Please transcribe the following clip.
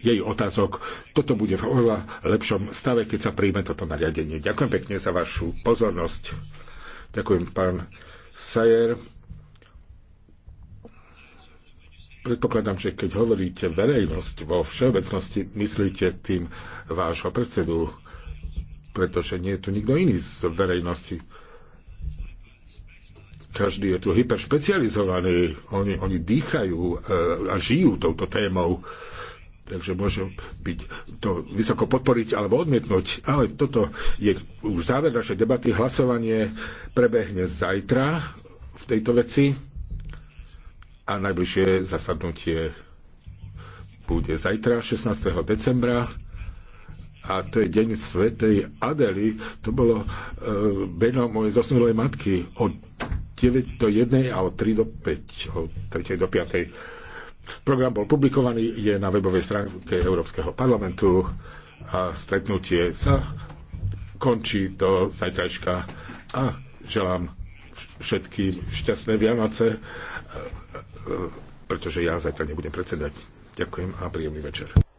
jej otázok. Toto bude v oveľa lepšom stave, keď sa príjme toto nariadenie. Ďakujem pekne za vašu pozornosť. Ďakujem, pán Sajer. Predpokladám, že keď hovoríte verejnosť vo všeobecnosti, myslíte tým vášho predsedu, pretože nie je tu nikto iný z verejnosti. Každý je tu hyperšpecializovaný, oni, oni dýchajú e, a žijú touto témou. Takže môže byť to vysoko podporiť alebo odmietnúť. Ale toto je už záver našej debaty. Hlasovanie prebehne zajtra v tejto veci a najbližšie zasadnutie bude zajtra, 16. decembra a to je deň svetej Adely. To bolo e, meno mojej zosnulej matky od 9 do 1 a od 3 do 5, od 3 do 5. Program bol publikovaný, je na webovej stránke Európskeho parlamentu a stretnutie sa končí do zajtrajška a želám všetkým šťastné Vianoce, e, e, pretože ja zajtra nebudem predsedať. Ďakujem a príjemný večer.